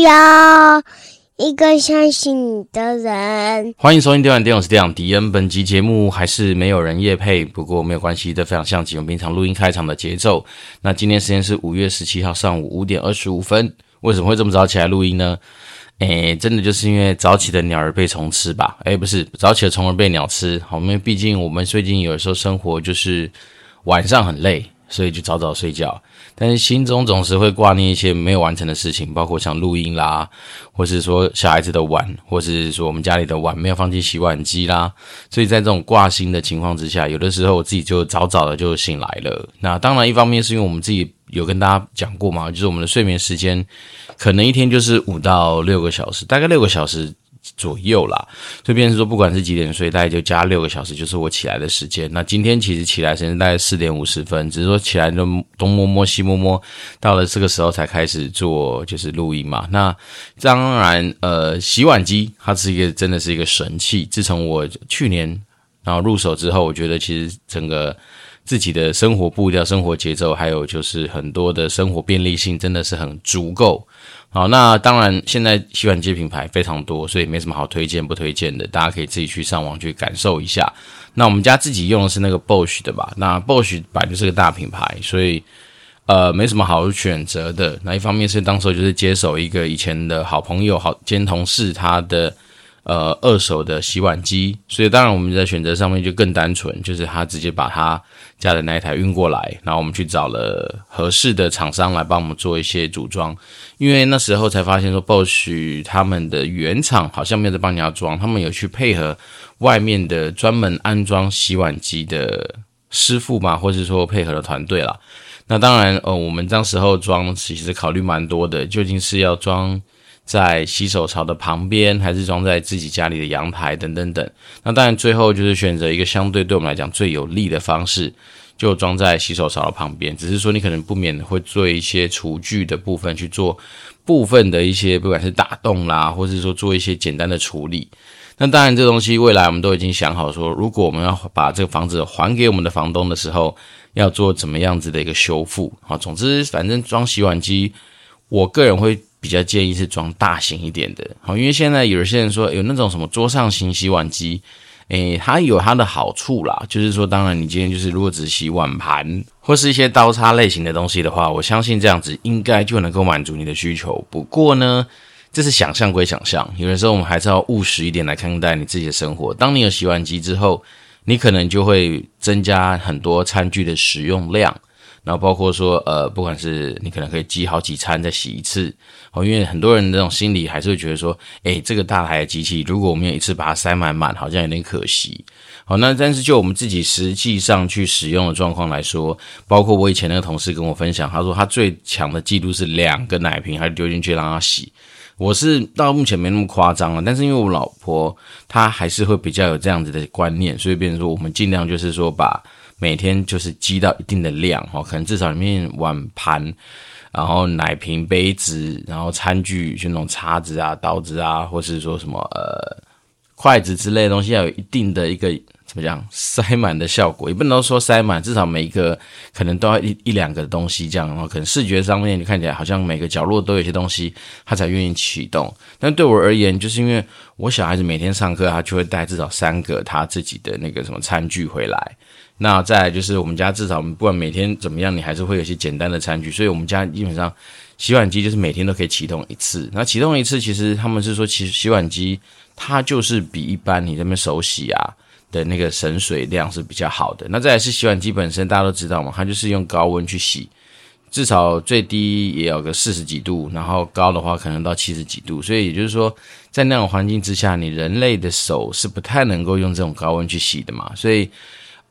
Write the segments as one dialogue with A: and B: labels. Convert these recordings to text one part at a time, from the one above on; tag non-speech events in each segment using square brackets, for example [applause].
A: 要一個相信你的人。歡迎收聽《電玩電影電丸殿》，我是電丸殿。本集節目還是沒有人業配，不過沒有關係，這非常像極我們平常錄音開場的節奏。那今天時間是五月十七號上午五點二十五分。為什麼會這麼早起來錄音呢？誒，真的就是因為早起的鳥兒被蟲吃吧？誒，不是，早起的蟲兒被鳥吃。好，因為畢竟我們最近有的時候生活就是晚上很累。所以就早早睡覺，但是心中總是會掛念一些沒有完成的事情，包括像錄音啦，或是說小孩子的碗，或是說我們家裡的碗沒有放進洗碗機啦。所以在這種掛心的情況之下，有的時候我自己就早早的就醒來了。那當然，一方面是因為我們自己有跟大家講過嘛，就是我們的睡眠時間可能一天就是五到六個小時，大概六個小時。左右啦，所以變成說，不管是幾點睡，大概就加六個小時，就是我起來的時間。那今天其實起來時間大概四點五十分，只是說起來就摸東摸摸西摸摸，到了這個時候才開始做，就是錄音嘛。那當然，呃，洗碗機它是一個真的是一個神器，自從我去年然後入手之後，我覺得其實整個。自己的生活步調、生活節奏，還有就是很多的生活便利性，真的是很足夠。好，那當然，現在洗碗機品牌非常多，所以沒什麼好推薦不推薦的，大家可以自己去上網去感受一下。那我們家自己用的是那個 Bosch 的吧，那 Bosch 本來就是個大品牌，所以呃沒什麼好選擇的。那一方面是當時就是接手一個以前的好朋友、好兼同事他的。呃，二手的洗碗機，所以當然我們在選擇上面就更單純，就是他直接把他家的那一台運過來，然後我們去找了合適的廠商來幫我們做一些組裝。因為那時候才發現說 Bosch 他們的原廠好像沒有在幫你要裝，他們有去配合外面的專門安裝洗碗機的師傅嘛，或者說配合的團隊啦。那當然，呃，我們當時候裝其實考慮蠻多的，究竟是要裝。在洗手槽的旁邊，還是裝在自己家裡的陽台等等等。那當然，最後就是選擇一個相對對我們來講最有利的方式，就裝在洗手槽的旁邊。只是說，你可能不免會做一些廚具的部分去做部分的一些，不管是打洞啦，或是說做一些簡單的處理。那當然，這東西未來我們都已經想好說，說如果我們要把這個房子還給我們的房東的時候，要做怎麼樣子的一個修復啊。好，總之，反正裝洗碗機，我個人會。比較建議是裝大型一點的，好，因為現在有些人說有那種什麼桌上型洗碗機，誒、欸，它有它的好處啦，就是說，當然你今天就是如果只洗碗盤或是一些刀叉類型的東西的話，我相信這樣子應該就能夠滿足你的需求。不過呢，這是想象歸想象，有的時候我們還是要務實一點來看待你自己的生活。當你有洗碗機之後，你可能就會增加很多餐具的使用量。然後包括說，呃，不管是你可能可以積好幾餐再洗一次，好、哦，因為很多人這種心理還是會覺得說，誒，這個大台的機器，如果我們一次把它塞滿滿，好像有點可惜。好、哦，那但是就我們自己實際上去使用的狀況來說，包括我以前那個同事跟我分享，他說他最強的記錄是兩個奶瓶，還是丟進去讓他洗。我是到目前沒那麼誇張了，但是因為我老婆她還是會比較有這樣子的觀念，所以變成說我們盡量就是說把。每天就是積到一定的量，可能至少裡面碗盤，然後奶瓶、杯子，然後餐具，就那種叉子啊、刀子啊，或是說什麼呃筷子之類的東西，要有一定的一個怎麼講塞滿的效果，也不能說塞滿，至少每一個可能都要一一兩個東西這樣的話，可能視覺上面你看起來好像每個角落都有一些東西，他才願意啟動。但對我而言，就是因為我小孩子每天上課，他就會帶至少三個他自己的那個什麼餐具回來。那再來就是我們家，至少我們不管每天怎麼樣，你還是會有些簡單的餐具，所以我們家基本上洗碗機就是每天都可以啟動一次。那啟動一次，其實他們是說，其實洗碗機它就是比一般你這邊手洗啊，的那個省水量是比較好的。那再來是洗碗機本身，大家都知道嘛，它就是用高溫去洗，至少最低也有個四十幾度，然後高的話可能到七十幾度。所以也就是說，在那種環境之下，你人類的手是不太能夠用這種高溫去洗的嘛，所以。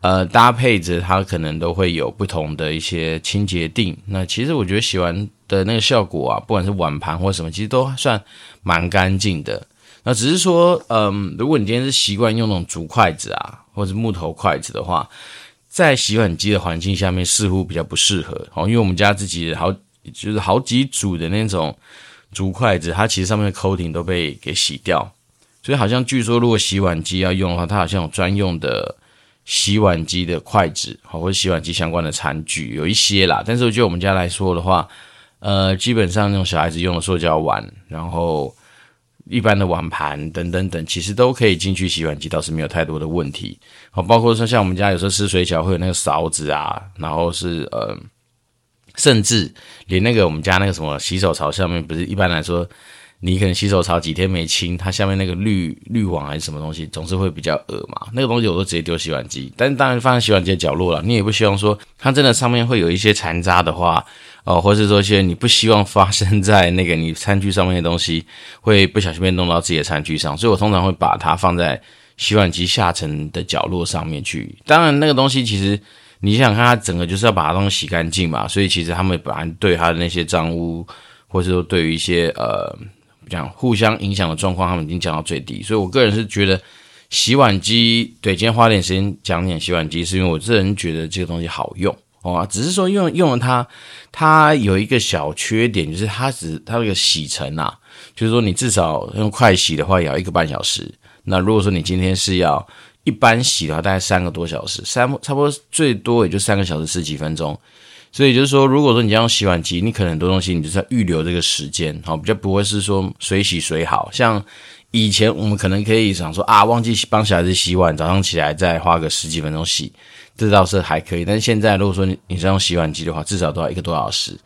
A: 呃，搭配着它可能都會有不同的一些清潔錠。那其實我覺得洗碗的那個效果啊，不管是碗盤或什麼，其實都算蠻乾淨的。那只是說，嗯、呃，如果你今天是習慣用那種竹筷子啊，或者木頭筷子的話，在洗碗機的環境下面似乎比較不適合。好、哦，因為我們家自己好就是好幾組的那種竹筷子，它其實上面的 coating 都被給洗掉，所以好像據說如果洗碗機要用的話，它好像有專用的。洗碗機的筷子，好，或者洗碗機相關的餐具有一些啦，但是就我們家來說的話，呃，基本上那種小孩子用的塑膠碗，然後一般的碗盤等等等，其實都可以進去洗碗機，倒是沒有太多的問題。好，包括說像我們家有時候吃水餃會有那個勺子啊，然後是呃，甚至連那個我們家那個什麼洗手槽上面，不是一般來說。你可能洗手槽幾天沒清，它下面那個濾濾網還是什麼東西，總是會比較惡嘛。那個東西我都直接丟洗碗機，但當然放在洗碗機的角落了。你也不希望說它真的上面會有一些殘渣的話，哦、呃，或者是說一些你不希望發生在那個你餐具上面的東西，會不小心被弄到自己的餐具上。所以我通常會把它放在洗碗機下層的角落上面去。當然那個東西其實你想想看它整個就是要把它東西洗乾淨嘛，所以其實他們本來對它的那些髒污，或者說對於一些呃。這樣互相影響的狀況，他們已經降到最低，所以我個人是覺得洗碗機對。今天花點時間講點洗碗機，是因為我個人覺得這個東西好用哦、啊，只是說用用了它，它有一個小缺點，就是它只它那個洗程啊，就是說你至少用快洗的話，也要一個半小時。那如果說你今天是要一般洗的話，大概三個多小時，三差不多最多也就三個小時十幾分鐘。所以就是說，如果說你要用洗碗機，你可能很多東西你就是要預留這個時間，好比較不會是說隨洗隨好。像以前我們可能可以想說啊，忘記幫小孩子洗碗，早上起來再花個十幾分鐘洗，這倒是還可以。但是現在如果說你你是用洗碗機的話，至少都要一個多小時。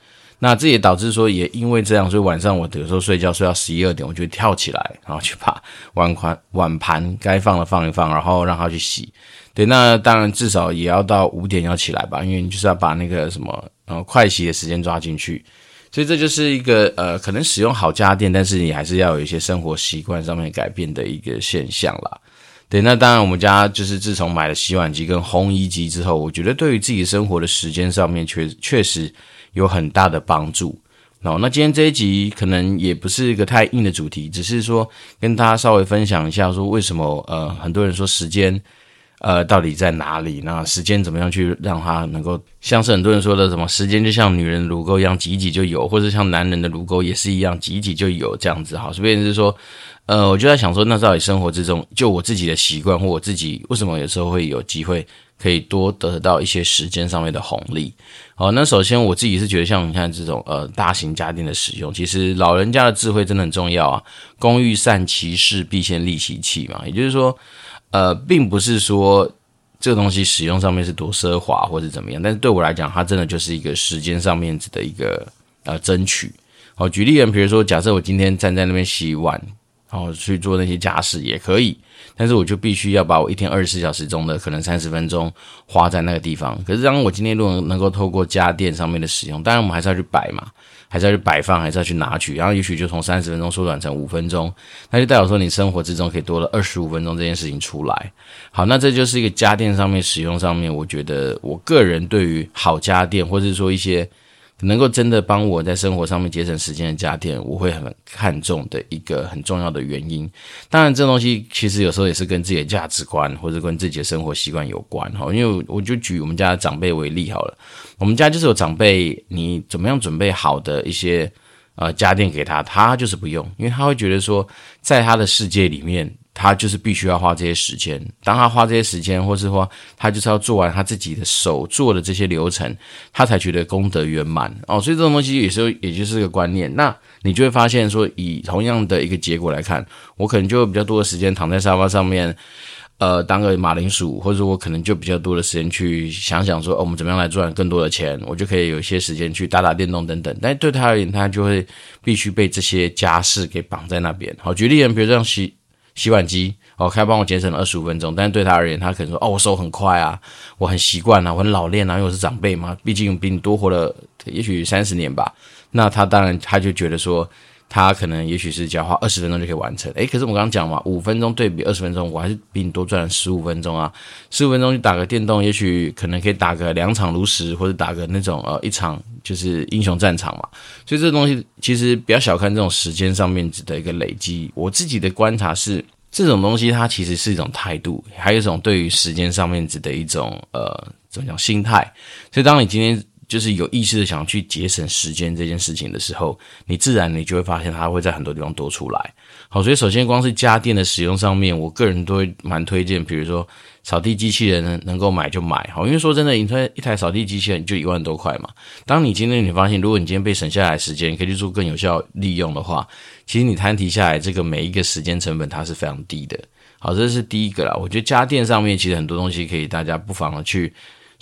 A: 那這也導致說，也因為這樣，所以晚上我有時候睡覺睡到十一二點，我就會跳起來，然後去把碗筷碗盤該放的放一放，然後讓它去洗。對，那當然至少也要到五點要起來吧，因為就是要把那個什麼，然後快洗的時間抓進去。所以這就是一個呃，可能使用好家電，但是你還是要有一些生活習慣上面改變的一個現象啦。對，那當然我們家就是自從買了洗碗機跟烘衣機之後，我覺得對於自己生活的時間上面確，確確實。有很大的幫助。好，那今天這一集可能也不是一個太硬的主題，只是說跟大家稍微分享一下，說為什麼呃很多人說時間呃到底在哪裡？那時間怎麼樣去讓它能夠像是很多人說的什麼時間就像女人的乳溝一樣，擠擠就有，或者像男人的乳溝也是一樣擠擠就有這樣子。好，所以就是說呃我就在想說，那到底生活之中，就我自己的習慣或我自己為什麼有時候會有機會，可以多得到一些時間上面的紅利。好，那首先我自己是覺得，像你看這種呃大型家電的使用，其實老人家的智慧真的很重要啊。工欲善其事，必先利其器嘛。也就是說，呃，並不是說這個東西使用上面是多奢華或者怎麼樣，但是對我來講，它真的就是一個時間上面的一個呃爭取。好，舉例啊，比如說假設我今天站在那邊洗碗。然後去做那些家事也可以，但是我就必須要把我一天二十四小時中的可能三十分鐘花在那個地方。可是，當我今天如果能夠透過家電上面的使用，當然我們還是要去擺嘛，還是要去擺放，還是要去拿取，然後也許就從三十分鐘縮短成五分鐘，那就代表說你生活之中可以多了二十五分鐘這件事情出來，好，那這就是一個家電上面使用上面，我覺得我個人對於好家電，或者說一些。能夠真的幫我在生活上面節省時間的家電，我會很看重的一個很重要的原因。當然，這東西其實有時候也是跟自己的價值觀或者跟自己的生活習慣有關哈。因為我就舉我們家的長輩為例好了，我們家就是有長輩，你怎麼樣準備好的一些呃家電給他，他就是不用，因為他會覺得說，在他的世界裡面。他就是必須要花這些時間，當他花這些時間，或是說他就是要做完他自己的手做的這些流程，他才覺得功德圓滿哦。所以這種東西有時候也就是個觀念，那你就會發現說，以同樣的一個結果來看，我可能就有比較多的時間躺在沙發上面，呃，當個馬鈴薯，或者我可能就比較多的時間去想想說，哦，我們怎麼樣來賺更多的錢，我就可以有一些時間去打打電動等等。但對他而言，他就會必須被這些家事給綁在那邊。好，舉例人，比如像。洗。洗碗機哦，他幫我節省了二十五分鐘，但是對他而言，他可能說：“哦，我手很快啊，我很習慣啊，我很老練啊，因為我是長輩嘛，畢竟比你多活了也許三十年吧。”那他當然他就覺得說。他可能也許是只要花二十分鐘就可以完成，誒、欸，可是我剛剛講嘛，五分鐘對比二十分鐘，我還是比你多賺了十五分鐘啊，十五分鐘去打個電動，也許可能可以打個兩場爐石，或者打個那種呃一場就是英雄戰場嘛，所以這東西其實不要小看這種時間上面的一個累積。我自己的觀察是，這種東西它其實是一種態度，還有一種對於時間上面的一種呃怎麼講心態。所以當你今天，就是有意識的想去節省時間這件事情的時候，你自然你就會發現它會在很多地方多出來。好，所以首先光是家電的使用上面，我個人都會蠻推薦，比如說掃地機器人能夠買就買。好，因為說真的，一台一台掃地機器人就一萬多塊嘛。當你今天你發現，如果你今天被省下來的時間，你可以去做更有效利用的話，其實你攤提下來這個每一個時間成本，它是非常低的。好，這是第一個啦。我覺得家電上面其實很多東西可以大家不妨的去。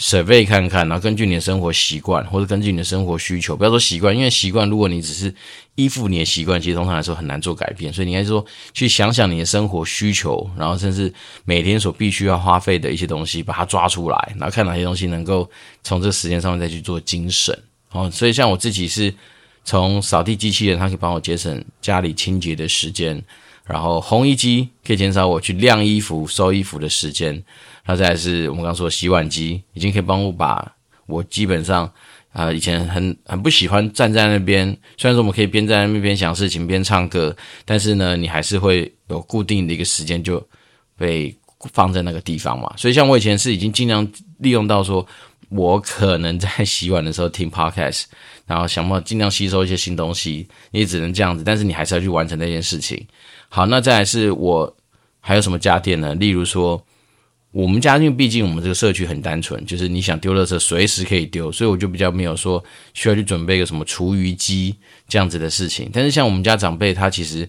A: 設備看看，然後根據你的生活習慣或者根據你的生活需求，不要說習慣，因為習慣如果你只是依附你的習慣，其實通常來說很難做改變。所以你應該說去想想你的生活需求，然後甚至每天所必須要花費的一些東西，把它抓出來，然後看哪些東西能夠從這時間上面再去做精省。哦，所以像我自己是從掃地機器人，它可以幫我節省家裡清潔的時間，然後烘衣機可以減少我去晾衣服、收衣服的時間。那再來是我們剛剛說洗碗機，已經可以幫我把我基本上啊、呃、以前很很不喜歡站在那邊，雖然說我們可以邊在那邊想事情邊唱歌，但是呢你還是會有固定的一個時間就被放在那個地方嘛。所以像我以前是已經盡量利用到說，我可能在洗碗的時候聽 podcast，然後想辦法盡量吸收一些新東西，你也只能這樣子。但是你還是要去完成那件事情。好，那再來是我還有什麼家電呢？例如說。我們家因為畢竟我們這個社區很單純，就是你想丟垃圾隨時可以丟，所以我就比較沒有說需要去準備一個什麼廚餘機這樣子的事情。但是像我們家長輩，他其實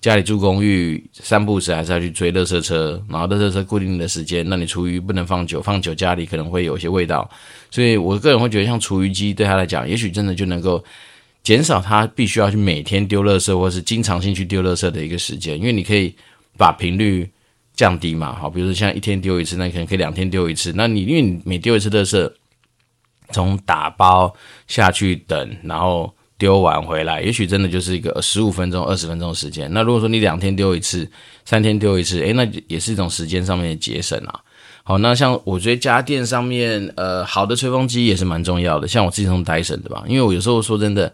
A: 家裡住公寓，散步時還是要去追垃圾車，然後垃圾車固定的時間，那你廚餘不能放久，放久家裡可能會有一些味道，所以我個人會覺得像廚餘機對他來講，也許真的就能夠減少他必須要去每天丟垃圾或是經常性去丟垃圾的一個時間，因為你可以把頻率。降低嘛，好，比如說像一天丟一次，那可能可以兩天丟一次。那你，那你因為你每丟一次都是從打包下去等，然後丟完回來，也許真的就是一個十五分鐘、二十分鐘的時間。那如果說你兩天丟一次，三天丟一次，誒、欸，那也是一種時間上面的節省啊。好，那像我覺得家電上面，呃，好的吹風機也是蠻重要的。像我自己從戴森的吧，因為我有時候說真的。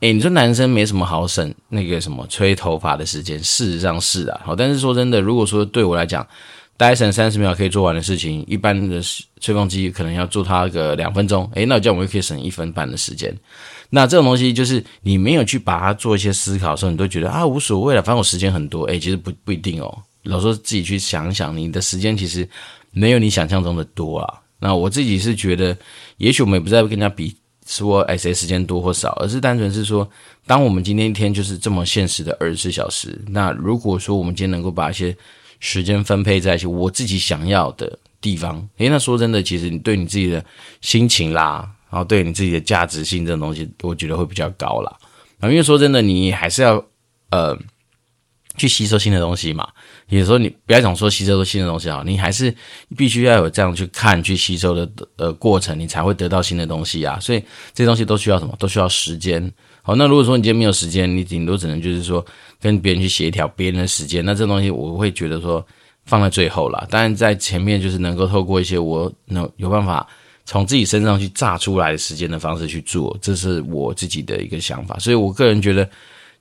A: 哎、欸，你說男生沒什麼好省那個什麼吹頭髮的時間？事實上是啊，好，但是說真的，如果說對我來講，大概省三十秒可以做完的事情，一般的吹風機可能要做它個兩分鐘，哎、欸，那這樣我就可以省一分半的時間。那這種東西就是你沒有去把它做一些思考的時候，你都覺得啊無所謂了，反正我時間很多。哎、欸，其實不不一定哦，老說自己去想想，你的時間其實沒有你想象中的多啊。那我自己是覺得，也許我們也不再跟人家比。是說哎，誰時間多或少，而是單純是說，當我們今天一天就是這麼現實的二十四小時，那如果說我們今天能夠把一些時間分配在一些我自己想要的地方，誒，那說真的，其實你對你自己的心情啦，然後對你自己的價值性這種東西，我覺得會比較高啦。嗯，因為說真的，你還是要，呃，去吸收新的東西嘛，有時候你不要總說吸收都新的東西啊，你還是必須要有這樣去看、去吸收的呃過程，你才會得到新的東西啊。所以這些東西都需要什麼？都需要時間。好，那如果說你今天沒有時間，你頂多只能就是說跟別人去協調別人的時間。那這東西我會覺得說放在最後了。當然在前面就是能夠透過一些我能有辦法從自己身上去榨出來的時間的方式去做，這是我自己的一個想法。所以我個人覺得。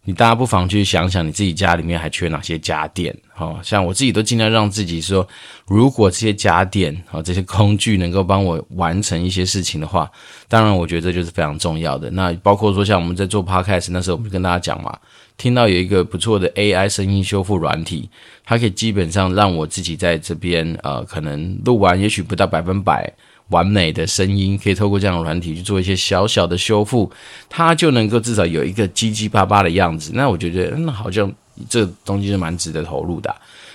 A: 你大家不妨去想想你自己家裡面還缺哪些家電，哈、哦，像我自己都盡量讓自己說，如果這些家電啊、哦、這些工具能夠幫我完成一些事情的話，當然我覺得這就是非常重要的。那包括說像我們在做 podcast 那時候，我們就跟大家講嘛，聽到有一個不錯的 AI 聲音修復軟體，它可以基本上讓我自己在這邊，呃，可能錄完也許不到百分百。完美的聲音可以透過這樣的軟體去做一些小小的修復，它就能夠至少有一個七七八八的樣子。那我就覺得，嗯，好像這東西是蠻值得投入的。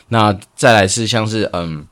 A: 那再來是像是，嗯，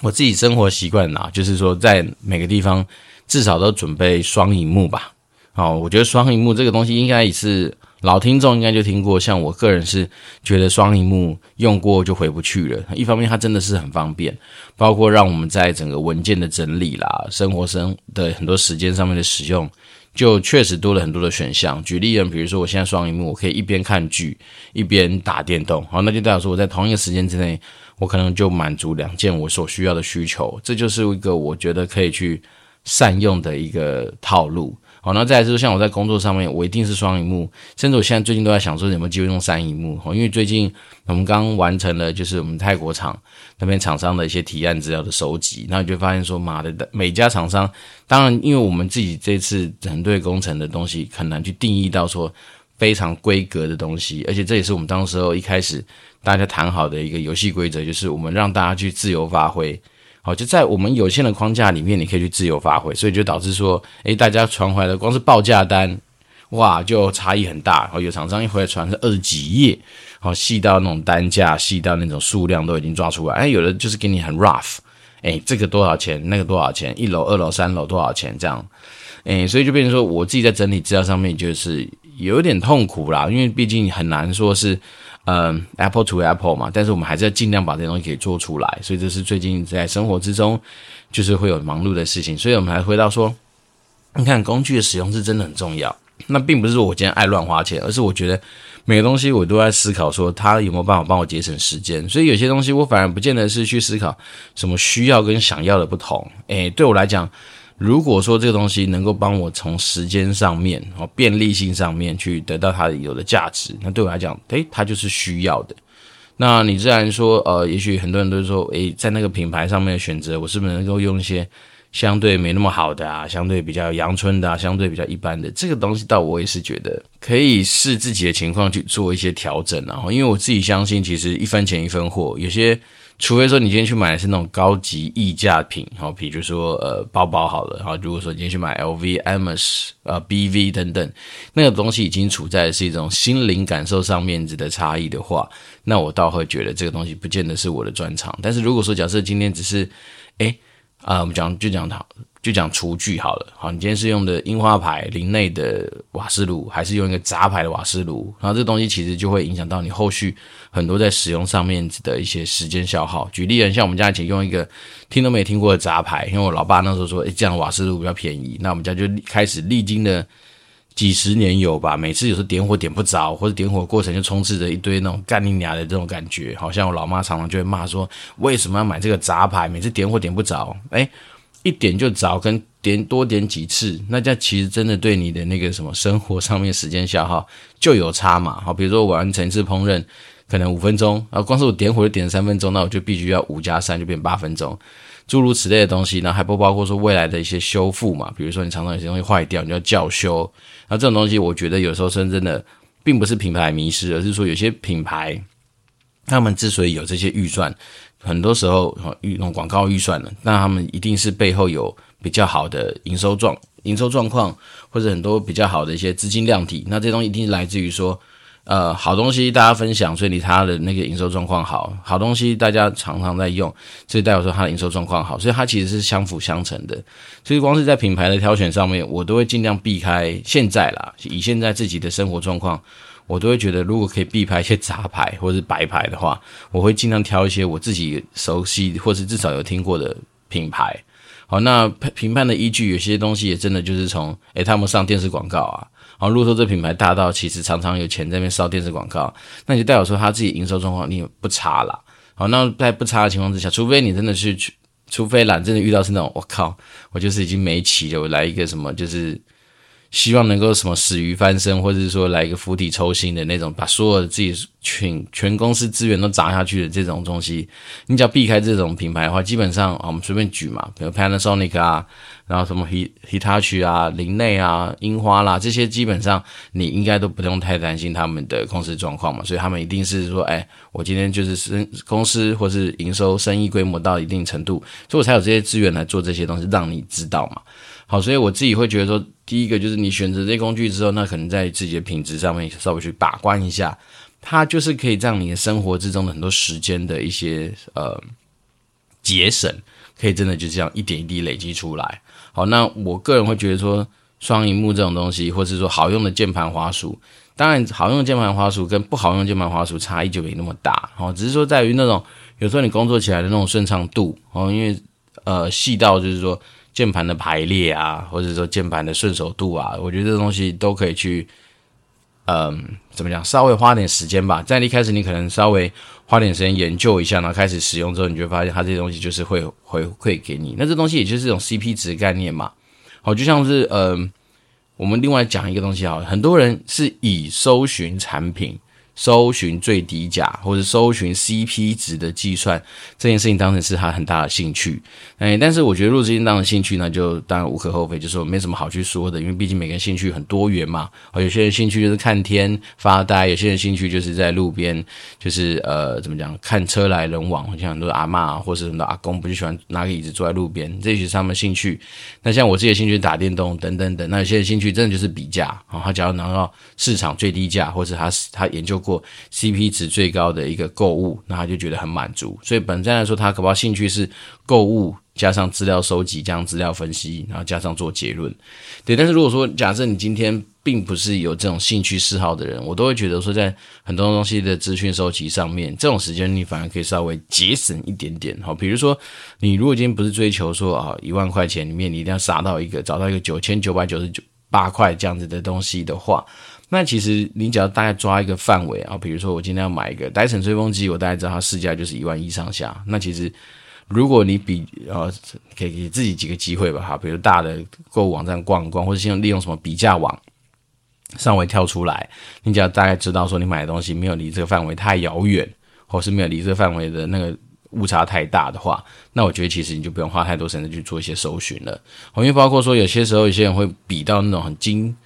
A: 我自己生活習慣啦、啊，就是說在每個地方至少都準備雙螢幕吧。哦，我覺得雙螢幕這個東西應該也是。老聽眾應該就聽過，像我個人是覺得雙螢幕用過就回不去了。一方面它真的是很方便，包括讓我們在整個文件的整理啦、生活生的很多時間上面的使用，就確實多了很多的選項。舉例如，比如說我現在雙螢幕，我可以一邊看劇一邊打電動，好，那就代表說我在同一個時間之內，我可能就滿足兩件我所需要的需求。這就是一個我覺得可以去善用的一個套路。好，那再來就是像我在工作上面，我一定是雙螢幕，甚至我現在最近都在想說有沒有機會用三螢幕。因為最近我們剛完成了，就是我們泰國廠那邊廠商的一些提案資料的收集，那我就發現說，媽的，每家廠商，當然，因為我們自己這次整隊工程的東西很難去定義到說非常規格的東西，而且這也是我們當時候一開始大家談好的一個遊戲規則，就是我們讓大家去自由發揮。好，就在我們有限的框架裡面，你可以去自由發揮，所以就導致說，哎，大家傳回來的光是報價單，哇，就差異很大。然後有廠商一回來傳是二十幾頁，好細到那種單價，細到那種數量都已經抓出來。哎，有的就是給你很 rough，哎，這個多少錢，那個多少錢，一樓、二樓、三樓多少錢這樣，哎，所以就變成說，我自己在整理資料上面就是有點痛苦啦，因為畢竟很難說是。嗯，Apple to Apple 嘛，但是我們還是要盡量把這些東西給做出來，所以這是最近在生活之中，就是會有忙碌的事情，所以我們還回到說，你看工具的使用是真的很重要，那並不是說我今天愛亂花錢，而是我覺得每個東西我都在思考說，它有沒有辦法幫我節省時間，所以有些東西我反而不見得是去思考什麼需要跟想要的不同，誒，對我來講。如果說這個東西能夠幫我從時間上面哦，便利性上面去得到它的有的價值，那對我來講，誒，它就是需要的。那你自然說，呃，也許很多人都說，誒，在那個品牌上面的選擇，我是不是能夠用一些相對沒那麼好的啊，相對比較陽春的、啊，相對比較一般的這個東西？倒我也是覺得可以視自己的情況去做一些調整，然後，因為我自己相信，其實一分錢一分貨，有些。除非說你今天去買的是那種高級溢價品，好，比如說呃包包好了，好，如果說你今天去買 LV、呃、MS 呃 BV 等等，那個東西已經處在的是一種心靈感受上面子的差異的話，那我倒會覺得這個東西不見得是我的專長。但是如果說假設今天只是，哎，啊，我們講就講它。就講廚具好了，好，你今天是用的櫻花牌、林內的瓦斯爐，還是用一個雜牌的瓦斯爐？然後這個東西其實就會影響到你後續很多在使用上面的一些時間消耗。舉例，像我們家以前用一個聽都沒聽過的雜牌，因為我老爸那時候說，誒，欸，這樣瓦斯爐比較便宜。那我們家就開始歷經了幾十年有吧，每次有時候點火點不着，或者點火的過程就充斥着一堆那種幹你娘的這種感覺。好像我老媽常常就會罵說，為什麼要買這個雜牌？每次點火點不着，誒，欸一點就早跟點多點幾次，那這其實真的對你的那個什麼生活上面時間消耗就有差嘛。好，比如說我完成一次烹飪，可能五分鐘，然後光是我點火就點三分鐘，那我就必須要五加三就變八分鐘，諸如此類的東西，然後還不包括說未來的一些修復嘛。比如說你常常有些東西壞掉，你要叫修，那這種東西我覺得有時候真，真的並不是品牌迷失，而是說有些品牌。他們之所以有這些預算，很多時候預，用廣告預算的，那他們一定是背後有比較好的營收狀營收狀況，或者很多比較好的一些資金量體。那這東西一定是來自於說，呃，好東西大家分享，所以你他的那個營收狀況好；好東西大家常常在用，所以代表說它的營收狀況好。所以它其實是相輔相成的。所以光是在品牌的挑選上面，我都會盡量避開現在啦，以現在自己的生活狀況。我都會覺得，如果可以避開一些雜牌或者是白牌的話，我會盡量挑一些我自己熟悉或是至少有聽過的品牌。好，那評判的依據有些東西也真的就是從，誒、欸，他們上電視廣告啊，好，如果說這品牌大到其實常常有錢在那邊燒電視廣告，那你就代表說他自己營收狀況你也不差啦。好，那在不差的情況之下，除非你真的去，除非懶真的遇到的是那種我靠，我就是已經沒旗了，我來一個什麼就是。希望能夠什麼死魚翻身，或者是說來一個釜底抽薪的那種，把所有的自己全全公司資源都砸下去的這種東西，你只要避開這種品牌的話，基本上啊，我們隨便舉嘛，比如 Panasonic 啊，然後什麼 Hitachi 啊，林內啊，櫻花啦，這些基本上你應該都不用太擔心他們的公司狀況嘛，所以他們一定是說，哎、欸，我今天就是生公司或是營收生意規模到一定程度，所以我才有這些資源來做這些東西，讓你知道嘛。好，所以我自己會覺得說，第一個就是你選擇這些工具之後，那可能在自己的品質上面稍微去把關一下，它就是可以讓你的生活之中的很多時間的一些呃節省，可以真的就這樣一點一滴累積出來。好，那我個人會覺得說，雙熒幕這種東西，或是說好用的鍵盤滑鼠，當然好用的鍵盤滑鼠跟不好用的鍵盤滑鼠差異就沒那麼大哦，只是說在於那種有時候你工作起來的那種順暢度，因為呃細到就是說。鍵盤的排列啊，或者說鍵盤的順手度啊，我覺得這東西都可以去，嗯、呃，怎麼講，稍微花點時間吧。在一開始，你可能稍微花點時間研究一下，然後開始使用之後，你就會發現它這些東西就是會回饋給你。那這東西也就是一種 CP 值概念嘛。好，就像是嗯、呃，我們另外講一個東西哈，很多人是以搜尋產品。搜尋最低價，或者搜尋 CP 值的計算這件事情，當成是他很大的興趣。哎，但是我覺得如果這件當的興趣呢，就當然無可厚非，就是我沒什麼好去說的，因為畢竟每個人興趣很多元嘛。哦，有些人興趣就是看天發呆，有些人興趣就是在路邊，就是呃，怎麼講，看車來人往，像很多阿嬤或者很多阿公，不就喜歡拿個椅子坐在路邊，這也許是他們興趣。那像我自己的興趣，打電動等等等，那有些人興趣真的就是比價啊，他只要拿到市場最低價，或者他他研究。或 CP 值最高的一個購物，那他就覺得很滿足。所以本質來說，他可能興趣是購物，加上資料收集，這樣資料分析，然後加上做結論。對。但是如果說假設你今天並不是有這種興趣嗜好的人，我都會覺得說，在很多東西的資訊收集上面，這種時間你反而可以稍微節省一點點。哈、哦，比如說你如果今天不是追求說啊、哦、一萬塊錢裡面你一定要殺到一個找到一個九千九百九十九八塊這樣子的東西的話。那其實你只要大概抓一個範圍啊、哦，比如說我今天要買一個戴森吹風機，我大概知道它市價就是一萬一上下。那其實如果你比呃、哦、給給自己幾個機會吧哈，比如大的購物網站逛一逛，或者現在利用什麼比價網上回跳出來，你只要大概知道說你買的東西沒有離這個範圍太遙遠，或是沒有離這個範圍的那個誤差太大的話，那我覺得其實你就不用花太多時間去做一些搜尋了。哦、因為包括說有些時候有些人會比到那種很精。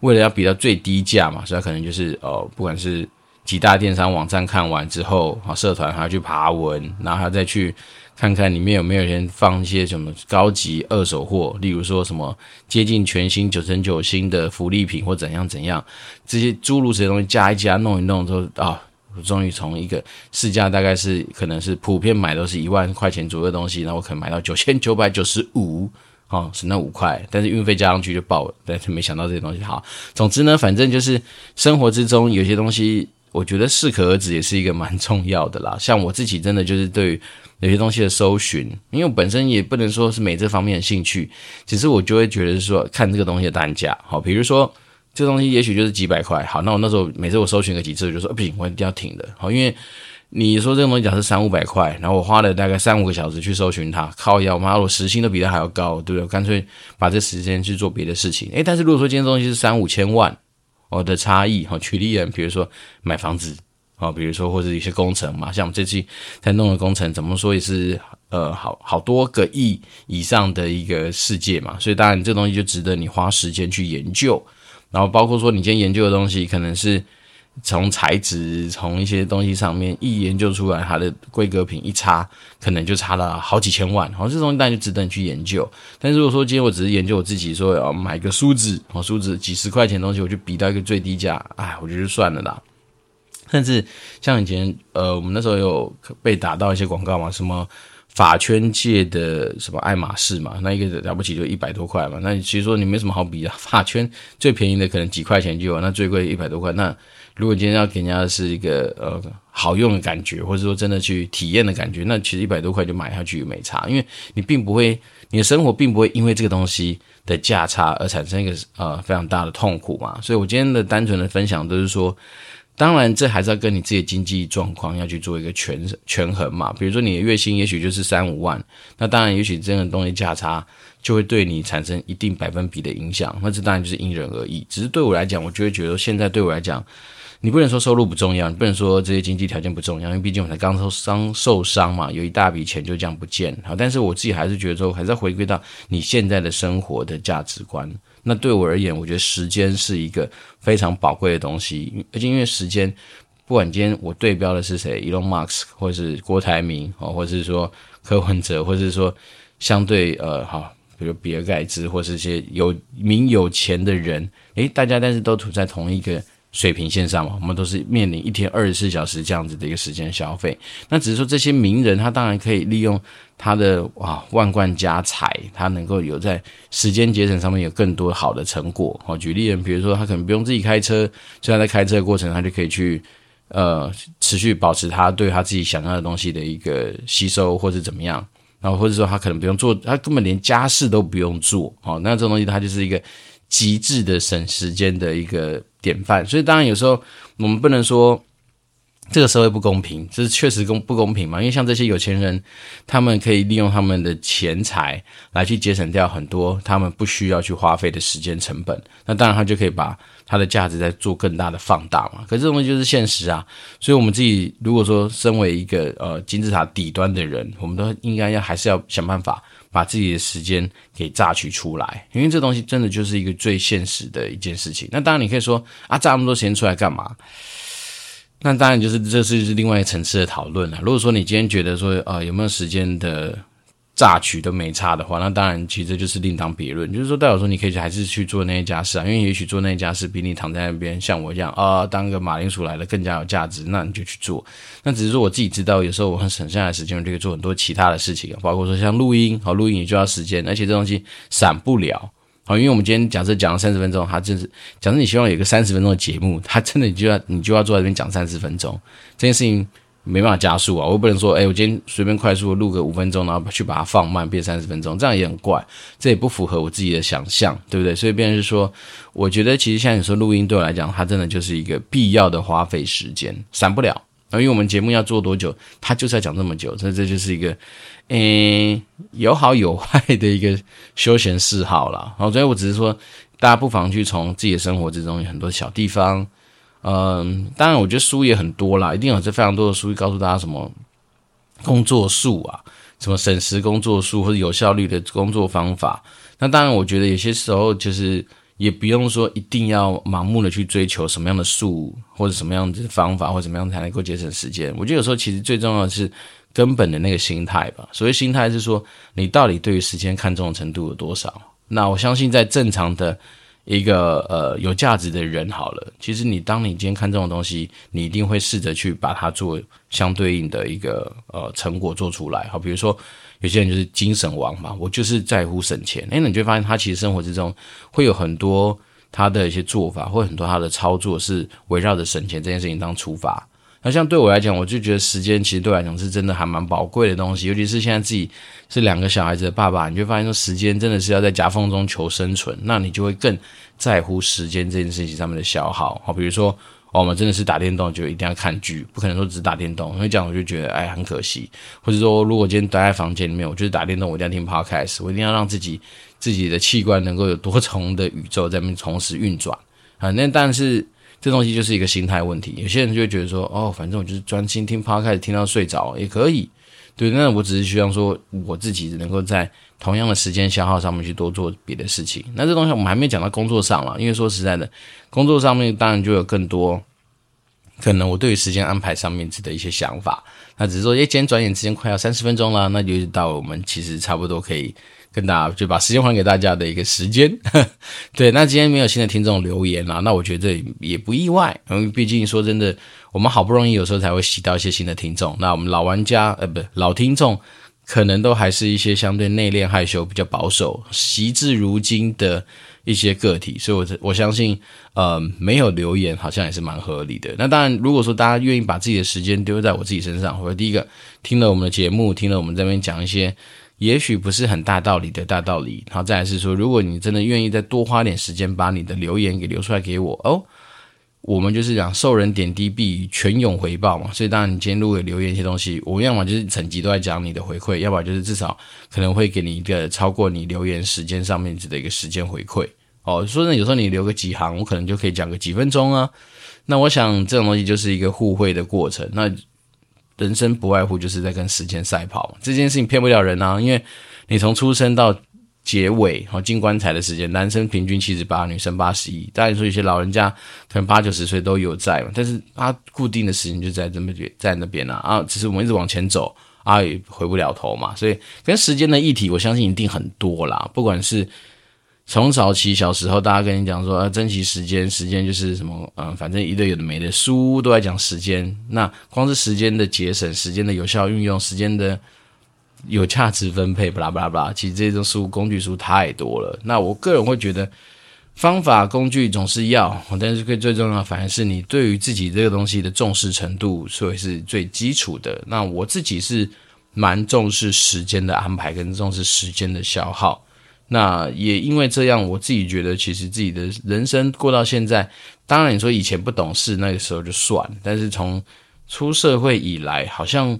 A: 為了要比較最低價嘛，所以他可能就是哦，不管是幾大電商網站看完之後，社團還要去爬文，然後還要再去看看裡面有沒有人放一些什麼高級二手貨，例如說什麼接近全新九成九新的福利品或怎樣怎樣，這些諸如此類東西加一加弄一弄都，都、哦、啊，我終於從一個市價大概是可能是普遍買都是一萬塊錢左右的東西，那我可能買到九千九百九十五。哦，是那五塊，但是運費加上去就爆了，但是沒想到這些東西好。總之呢，反正就是生活之中有些東西，我覺得適可而止也是一個蠻重要的啦。像我自己真的就是對有些東西的搜尋，因為我本身也不能說是沒這方面的興趣，只是我就會覺得是說看這個東西的單價，好，比如說這個東西也許就是幾百塊，好，那我那時候每次我搜尋個幾次，我就說、哦、不行，我一定要停的，好，因為。你說這個東西，假設三五百塊，然後我花了大概三五個小時去搜尋它，靠腰我媽，我時薪都比它還要高，對不對？乾脆把這時間去做別的事情。誒，但是如果說今天東西是三五千萬，哦的差異哈，舉例而言，比如說買房子啊，比如說或者一些工程嘛，像我們這次在弄的工程，怎麼說也是呃，好好多個億以上的一個世界嘛，所以當然這東西就值得你花時間去研究，然後包括說你今天研究的東西可能是。從材質、從一些東西上面一研究出來，它的規格品一差，可能就差了好幾千萬。好像這東西大家就值得你去研究。但是如果說今天我只是研究我自己，說要買一個梳子，好，梳子幾十塊錢的東西，我就比到一個最低價，哎，我覺得就算了啦。甚至像以前，呃，我們那時候有被打到一些廣告嘛，什麼髮圈界的什麼愛馬仕嘛，那一個了不起就一百多塊嘛，那其實說你沒什麼好比的。髮圈最便宜的可能幾塊錢就有，那最貴一百多塊，那。如果今天要給人家的是一個呃好用的感覺，或者說真的去體驗的感覺，那其實一百多塊就買下去沒差。因為你並不會，你的生活並不會因為這個東西的價差而產生一個呃非常大的痛苦嘛。所以，我今天的單純的分享都是說，當然這還是要跟你自己的經濟狀況要去做一個權權衡嘛。比如說你的月薪也許就是三五萬，那當然也許這樣的東西價差就會對你產生一定百分比的影響，那這當然就是因人而異。只是對我來講，我就會覺得說現在對我來講。你不能說收入不重要，你不能說這些經濟條件不重要，因為畢竟我才剛受傷受傷嘛，有一大筆錢就這樣不見。好，但是我自己還是覺得說，還是要回歸到你現在的生活的價值觀。那對我而言，我覺得時間是一個非常寶貴的東西，而且因為時間，不管今天我對標的是誰，Elon Musk 或是郭台銘，哦，或者是說柯文哲，或者是說相對呃，好，比如比爾蓋茨或是一些有名有錢的人，誒、欸，大家但是都處在同一個。水平線上嘛，我們都是面臨一天二十四小時這樣子的一個時間消費。那只是說這些名人，他當然可以利用他的，哇，萬貫家財，他能夠有在時間節省上面有更多好的成果。好、哦，舉例人，比如說他可能不用自己開車，雖然在開車的過程，他就可以去呃持續保持他對他自己想要的東西的一個吸收，或是怎麼樣。然後或者說他可能不用做，他根本連家事都不用做。好、哦，那這種東西，他就是一個極致的省時間的一個典範，所以當然有時候我們不能說這個社會不公平，這是確實公不公平嘛？因為像這些有錢人，他們可以利用他們的錢財來去節省掉很多他們不需要去花費的時間成本，那當然他就可以把他的價值再做更大的放大嘛。可是這種東西就是現實啊，所以我們自己如果說身為一個呃金字塔底端的人，我們都應該要還是要想辦法。把自己的時間給榨取出來，因為這東西真的就是一個最現實的一件事情。那當然，你可以說啊，榨那麼多時間出來幹嘛？那當然就是這是另外一個層次的討論了。如果說你今天覺得說啊、呃，有沒有時間的？榨取都沒差的話，那當然，其實就是另當別論。就是說，代表說你可以還是去做那一家事啊，因為也許做那一家事比你躺在那邊像我這樣啊、哦，當個馬鈴薯來的更加有價值。那你就去做。那只是說我自己知道，有時候我很省下來時間，我就可以做很多其他的事情，包括說像錄音、哦、錄音也就要時間，而且這東西省不了啊、哦。因為我們今天假設講了三十分鐘，他真、就是假設你希望有一個三十分鐘的節目，他真的你就要你就要坐在那邊講三十分鐘，這件事情。沒辦法加速啊！我不能說，誒、欸。我今天隨便快速錄個五分鐘，然後去把它放慢變三十分鐘，這樣也很怪，這也不符合我自己的想象，對不對？所以變成是說，我覺得其實像你說錄音對我來講，它真的就是一個必要的花費時間，省不了。因為我們節目要做多久，它就是要講這麼久，所以這就是一個，誒、欸，有好有壞的一個休閒嗜好了。然後所以我只是說，大家不妨去從自己的生活之中有很多小地方，嗯，當然，我覺得書也很多啦，一定有這非常多的書去告訴大家什麼工作術啊，什麼省時工作術或者有效率的工作方法。那當然，我覺得有些時候就是也不用說一定要盲目的去追求什麼樣的術或者什麼樣子的方法或怎麼樣才能夠節省時間。我覺得有時候其實最重要的是根本的那個心態吧。所謂心態是說你到底對於時間看重的程度有多少。那我相信在正常的。一個呃有價值的人好了，其實你當你今天看這種東西，你一定會試着去把它做相對應的一個呃成果做出來。好，比如說有些人就是精神王嘛，我就是在乎省錢。哎、欸，你就會發現他其實生活之中會有很多他的一些做法，或很多他的操作是圍繞着省錢這件事情當出發。那像對我來講，我就覺得時間其實對我來講是真的還蠻寶貴的東西，尤其是現在自己是兩個小孩子的爸爸，你就發現說時間真的是要在夾縫中求生存，那你就會更在乎時間這件事情上面的消耗。好，比如說、哦、我們真的是打電動，就一定要看劇，不可能說只是打電動。因為這樣我就覺得，哎，很可惜。或者說，如果今天待在房間裡面，我就是打電動，我一定要聽 Podcast，我一定要讓自己自己的器官能夠有多重的宇宙在那邊同時運轉。啊，那但是。這東西就是一個心態問題，有些人就會覺得說，哦，反正我就是專心聽 Podcast，聽到睡着也可以，對，那我只是希望說我自己能夠在同樣的時間消耗上面去多做別的事情。那這東西我們還沒講到工作上了，因為說實在的，工作上面當然就有更多可能我對於時間安排上面的一些想法。那只是說，哎，今天轉眼之間快要三十分鐘了，那就是到我們其實差不多可以。跟大家就把時間還給大家的一個時間， [laughs] 對。那今天沒有新的聽眾留言啊，那我覺得也不意外，因為畢竟說真的，我們好不容易有時候才會吸到一些新的聽眾。那我們老玩家，呃，不，老聽眾可能都還是一些相對內斂、害羞、比較保守、惜字如金的一些個體，所以我，我我相信，呃，沒有留言好像也是蠻合理的。那當然，如果說大家願意把自己的時間丟在我自己身上，或者第一個聽了我們的節目，聽了我們這邊講一些。也許不是很大道理的大道理，然後再來是說，如果你真的願意再多花點時間，把你的留言給留出來給我哦，我們就是講受人點滴，必泉湧回報嘛。所以當然，你今天如果留言一些東西，我要麼就是整集都在講你的回饋，要不然就是至少可能會給你一個超過你留言時間上面的一個時間回饋哦。所以呢，有時候你留個幾行，我可能就可以講個幾分鐘啊。那我想這種東西就是一個互惠的過程。那。人生不外乎就是在跟時間賽跑嘛，這件事情騙不了人啊，因為你從出生到結尾，哦，進棺材的時間，男生平均七十八，女生八十一，當然說有些老人家可能八九十歲都有在嘛，但是他固定的時間就在這麼在那邊啊。啊，只是我們一直往前走，啊，也回不了頭嘛，所以跟時間的議題，我相信一定很多啦，不管是。從早期小時候，大家跟你講說啊，珍惜時間，時間就是什麼，嗯，反正一堆有的沒的書都在講時間。那光是時間的節省、時間的有效運用、時間的有價值分配，巴拉巴拉巴拉，其實這種書工具書太多了。那我個人會覺得，方法工具總是要，但是最最重要的反而是你對於自己這個東西的重視程度，所以是最基礎的。那我自己是蠻重視時間的安排，跟重視時間的消耗。那也因為這樣，我自己覺得，其實自己的人生過到現在，當然你說以前不懂事，那個時候就算，但是從出社會以來，好像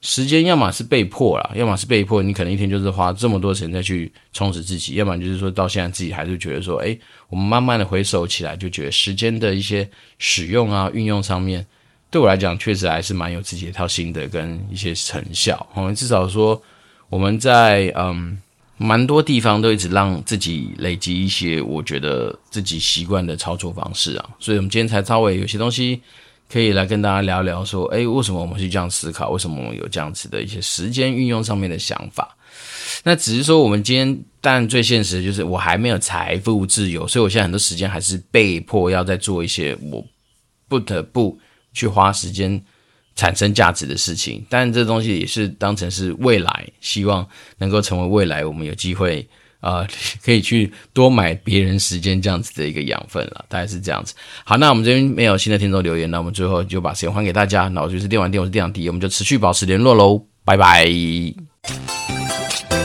A: 時間要麼是被迫啦，要麼是被迫，你可能一天就是花這麼多錢再去充實自己，要麼就是說到現在自己還是覺得說，欸，我們慢慢的回首起來，就覺得時間的一些使用啊、運用上面，對我來講，確實還是蠻有自己一套心得跟一些成效。我們、嗯、至少說我們在嗯。蠻多地方都一直讓自己累積一些，我覺得自己習慣的操作方式啊，所以我們今天才稍微有些東西可以來跟大家聊一聊，說，哎，為什麼我們是這樣思考？為什麼我們有這樣子的一些時間運用上面的想法？那只是說，我們今天但最現實的就是我還沒有財富自由，所以我現在很多時間還是被迫要再做一些，我不得不去花時間。產生價值的事情，但這東西也是當成是未來，希望能夠成為未來，我們有機會啊、呃，可以去多買別人時間這樣子的一個養分了，大概是這樣子。好，那我們這邊沒有新的聽眾留言，那我們最後就把時間還給大家。那我就是電丸殿，我是殿長迪，我們就持續保持聯絡嘍拜拜。嗯嗯嗯